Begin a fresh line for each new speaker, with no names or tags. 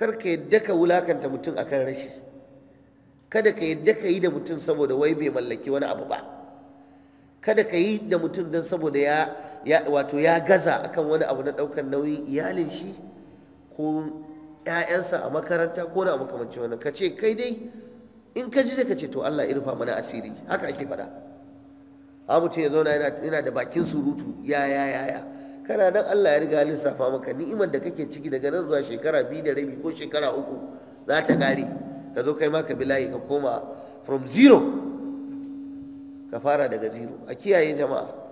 kar ka yadda ka wulakanta mutum akan rashi kada ka yadda ka yi da mutum saboda wai bai mallaki wani abu ba kada ka yi da mutum don saboda ya, ya wato ya gaza akan wani abu na ɗaukar nauyin iyalin shi ko ‘ya'yansa a makaranta ko na makamanci wannan ka ce kai dai in ka ji ka ce to Allah irfa mana asiri haka ake faɗa a mutum ya zauna yana da bakin surutu ya ya ya ya kana nan Allah ya riga lissafa maka ni'imar da kake ciki daga nan zuwa shekara biyu da rabi ko shekara uku za ta kare ka zo kai ma ka bi ka koma from zero ka fara daga zero a kiyaye jama'a